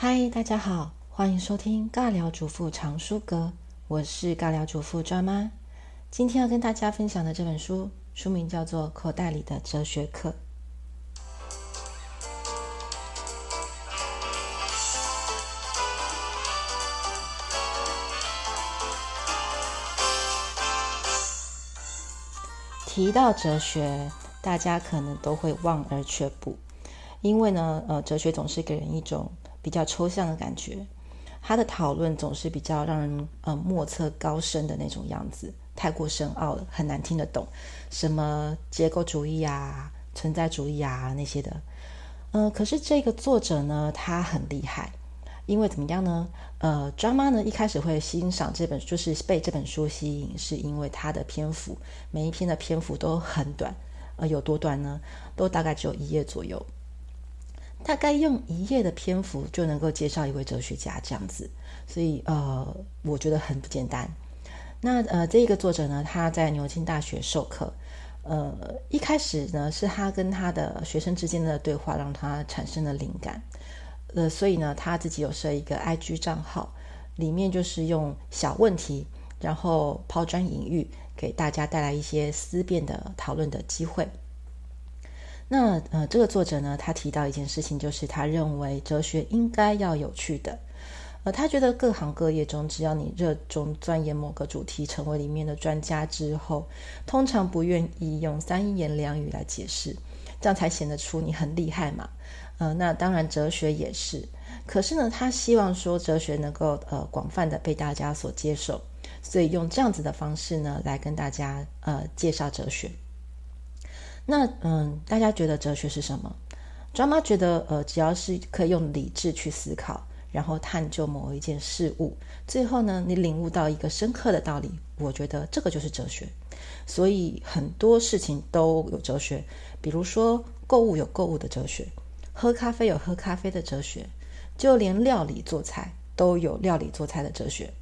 嗨，大家好，歡迎收聽《尬聊主婦藏書閣》，我是尬聊主婦專媽。今天要跟大家分享的這本書，書名叫做《口袋裡的哲學課》。提到哲學，大家可能都會望而卻步，因為呢，呃，哲學總是給人一種比較抽象的感覺，他的討論總是比較讓人呃莫測高深的那種樣子，太過深奧了，很難聽得懂，什麼結構主義啊、存在主義啊那些的。嗯、呃，可是這個作者呢，他很厲害，因為怎麼樣呢？呃，莊媽呢一開始會欣賞這本，就是被這本書吸引，是因為他的篇幅，每一篇的篇幅都很短，呃，有多短呢？都大概只有一頁左右。大概用一頁的篇幅就能夠介紹一位哲學家這樣子，所以呃，我覺得很不簡單。那呃，這個作者呢，他在牛津大學授課，呃，一開始呢是他跟他的學生之間的對話讓他產生了靈感，呃，所以呢，他自己有設一個 IG 賬號，裡面就是用小問題，然後拋磚引玉，給大家帶來一些思辨的討論的機會。那呃，這個作者呢，他提到一件事情，就是他認為哲學應該要有趣的。呃，他覺得各行各業中，只要你熱衷鑽研某個主題，成為裡面的專家之後，通常不願意用三言兩語來解釋，這樣才顯得出你很厲害嘛。呃，那當然哲學也是。可是呢，他希望說哲學能夠呃廣泛的被大家所接受，所以用這樣子的方式呢，來跟大家呃介紹哲學。那嗯，大家覺得哲學是什麼？專媽覺得，呃，只要是可以用理智去思考，然後探究某一件事物，最後呢，你領悟到一個深刻的道理，我覺得這個就是哲學。所以很多事情都有哲學，比如說購物有購物的哲學，喝咖啡有喝咖啡的哲學，就連料理做菜都有料理做菜的哲學。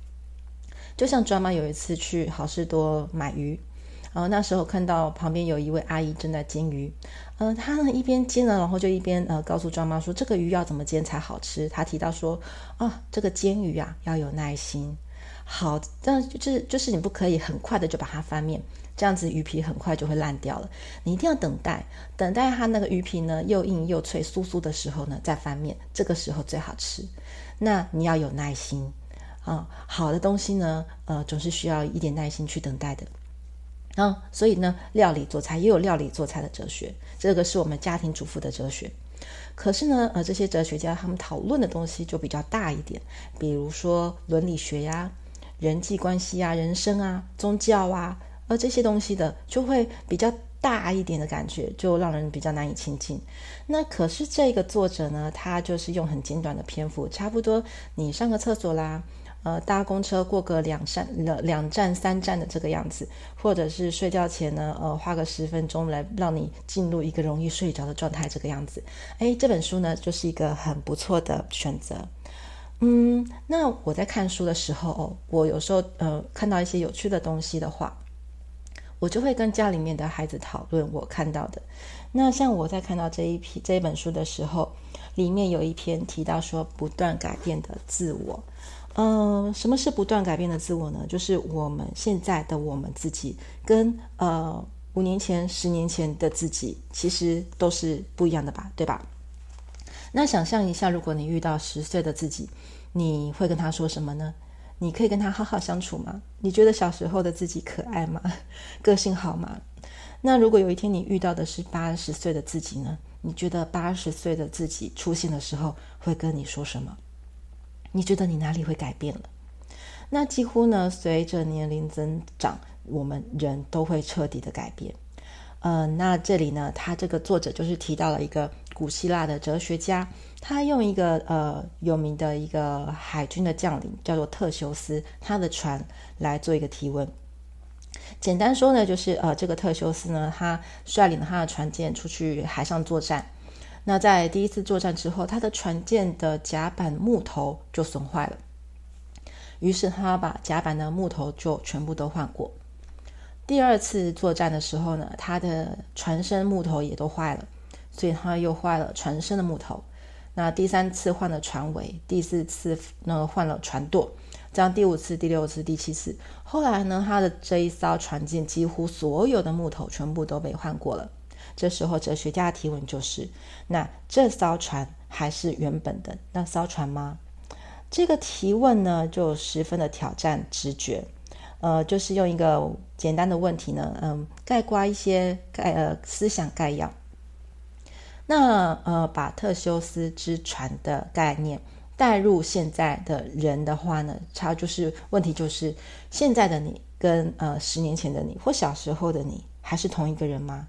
就像專媽有一次去好事多買魚。然、後那時候看到旁邊有一位阿姨正在煎魚，呃，她呢一邊煎呢，然後就一邊呃告訴莊媽說：“這個魚要怎麼煎才好吃？”她提到說：“啊，這個煎魚啊要有耐心，好，但是就是就是你不可以很快的就把它翻面，這樣子魚皮很快就會爛掉了。你一定要等待，等待它那個魚皮呢又硬又脆酥酥的時候呢再翻面，這個時候最好吃。那你要有耐心啊，好的東西呢，呃，總是需要一點耐心去等待的。”那、嗯、所以呢，料理做菜也有料理做菜的哲學，這個是我們家庭主婦的哲學。可是呢，呃，這些哲學家他們討論的東西就比較大一點，比如說倫理學呀、啊、人際關係啊、人生啊、宗教啊，呃，這些東西的就會比較大一點的感覺，就讓人比較難以親近。那可是這個作者呢，他就是用很簡短的篇幅，差不多你上個廁所啦。呃，搭公車過個兩站、呃、兩站、三站的這個樣子，或者是睡覺前呢，呃，花個十分鐘來讓你進入一個容易睡着的狀態，這個樣子。哎，這本書呢，就是一個很不錯的選擇。嗯，那我在看書的時候，哦、我有時候呃看到一些有趣的東西的話，我就會跟家裡面的孩子討論我看到的。那像我在看到這一篇這一本書的時候，裡面有一篇提到說，不斷改變的自我。嗯、呃，什麼是不斷改變的自我呢？就是我們現在的我們自己跟，跟呃五年前、十年前的自己，其實都是不一樣的吧，對吧？那想象一下，如果你遇到十歲的自己，你會跟他說什麼呢？你可以跟他好好相處嗎？你覺得小時候的自己可愛嗎？個性好嗎？那如果有一天你遇到的是八十歲的自己呢？你覺得八十歲的自己出現的時候會跟你說什麼？你覺得你哪裡會改變了？那幾乎呢，隨着年齡增長，我們人都會徹底的改變。呃，那這裡呢，他這個作者就是提到了一個古希臘的哲學家，他用一個呃有名的，一個海軍的將領叫做特修斯，他的船來做一個提問。簡單說呢，就是呃，這個特修斯呢，他率領他的船艦出去海上作戰。那在第一次作戰之後，他的船艦的甲板木頭就損壞了，於是他把甲板的木頭就全部都換過。第二次作戰的時候呢，他的船身木頭也都壞了，所以他又換了船身的木頭。那第三次換了船尾，第四次那換了船舵，這樣第五次、第六次、第七次，後來呢，他的這一艘船艦幾乎所有的木頭全部都被換過了。這時候，哲學家的提問就是：那這艘船還是原本的那艘船嗎？這個提問呢，就十分的挑戰直覺。呃，就是用一個簡單的問題呢，嗯、呃，概括一些概呃思想概要。那呃，把特修斯之船的概念帶入現在的人的話呢，差就是問題就是：現在的你跟呃十年前的你或小時候的你，還是同一個人嗎？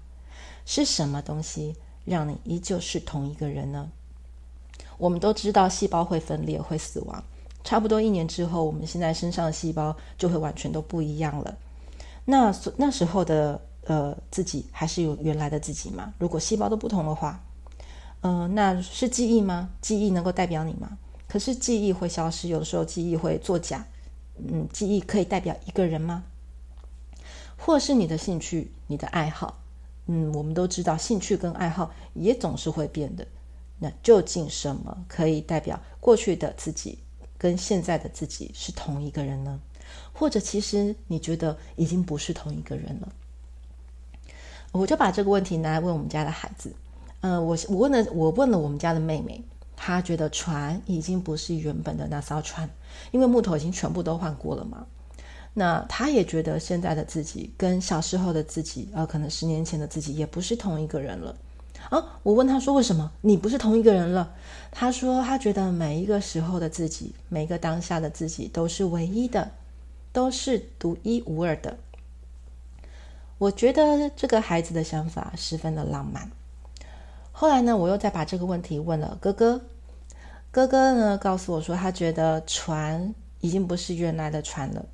是什麼東西讓你依舊是同一個人呢？我們都知道細胞會分裂、會死亡，差不多一年之後，我們現在身上的細胞就會完全都不一樣了。那所那時候的呃自己還是有原來的自己嗎？如果細胞都不同的話，嗯、呃，那是記憶嗎？記憶能夠代表你嗎？可是記憶會消失，有的時候記憶會作假，嗯，記憶可以代表一個人嗎？或是你的興趣、你的愛好？嗯，我們都知道興趣跟愛好也總是會變的。那究竟什麼可以代表過去的自己跟現在的自己是同一個人呢？或者，其實你覺得已經不是同一個人了？我就把這個問題拿來問我們家的孩子。嗯、呃，我我問了，我問了我們家的妹妹，她覺得船已經不是原本的那艘船，因為木頭已經全部都換過了嘛。那他也覺得現在的自己跟小時候的自己，呃、啊，可能十年前的自己也不是同一個人了啊！我問他說：“為什麼你不是同一個人了？”他說：“他覺得每一個時候的自己，每一個當下的自己都是唯一的，都是獨一無二的。”我覺得這個孩子的想法十分的浪漫。後來呢，我又再把這個問題問了哥哥。哥哥呢，告訴我說他覺得船已經不是原來的船了。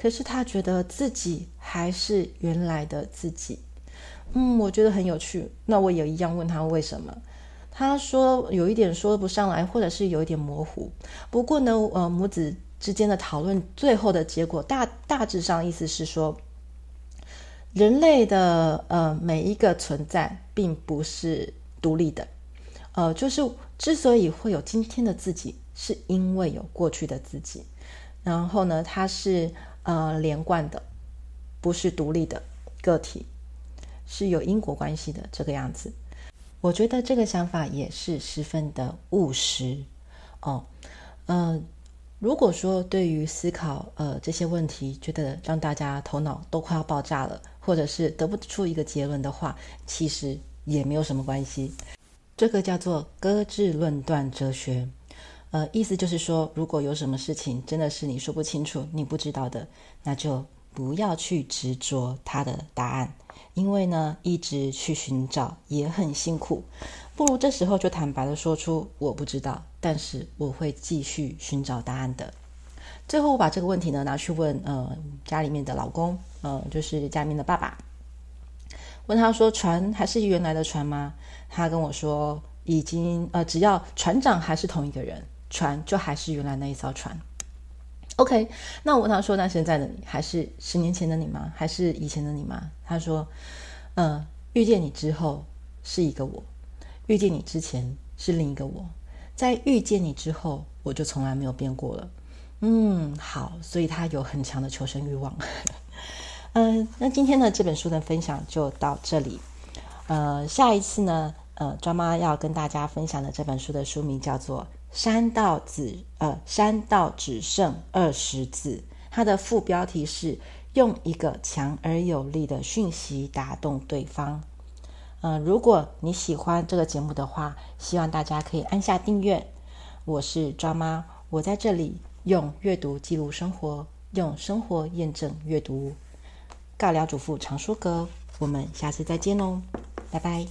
可是他覺得自己還是原來的自己，嗯，我覺得很有趣。那我也一樣問他為什麼。他說有一點說不上來，或者是有一點模糊。不過呢，呃，母子之間的討論最後的結果，大大致上意思是說，人類的呃每一個存在並不是獨立的，呃，就是之所以會有今天的自己，是因為有過去的自己。然後呢，他是。呃，連貫的，不是獨立的個體，是有因果關係的這個樣子。我覺得這個想法也是十分的務實哦。嗯，呃，如果說對於思考呃這些問題，覺得讓大家頭腦都快要爆炸了，或者是得不出一個結論的話，其實也沒有什麼關係。這個叫做擱置論斷哲學。呃，意思就是說，如果有什麼事情真的是你說不清楚、你不知道的，那就不要去執着他的答案，因為呢，一直去尋找也很辛苦，不如這時候就坦白的說出我不知道，但是我會繼續尋找答案的。最後，我把這個問題呢拿去問呃家裡面的老公，呃就是家裡面的爸爸，問他說，船還是原來的船嗎？他跟我說已經呃，只要船長還是同一個人。船就還是原來那一艘船。OK，那我問他說：“那現在的你還是十年前的你嗎？還是以前的你嗎？”他說：“呃，遇見你之後是一個我，遇見你之前是另一個我。在遇見你之後，我就從來沒有變過了。”嗯，好，所以他有很強的求生欲望。嗯、 呃，那今天呢，這本書的分享就到這裡。呃，下一次呢，呃，張媽要跟大家分享的這本書的書名叫做……三道只，呃，三道只剩二十字。它的副標題是用一個強而有力的訊息打動對方。嗯、呃，如果你喜歡這個節目的話，希望大家可以按下訂閱。我是莊媽，我在這裡用閱讀記錄生活，用生活驗證閱讀。尬聊主婦常說歌，我們下次再見嘍，拜拜。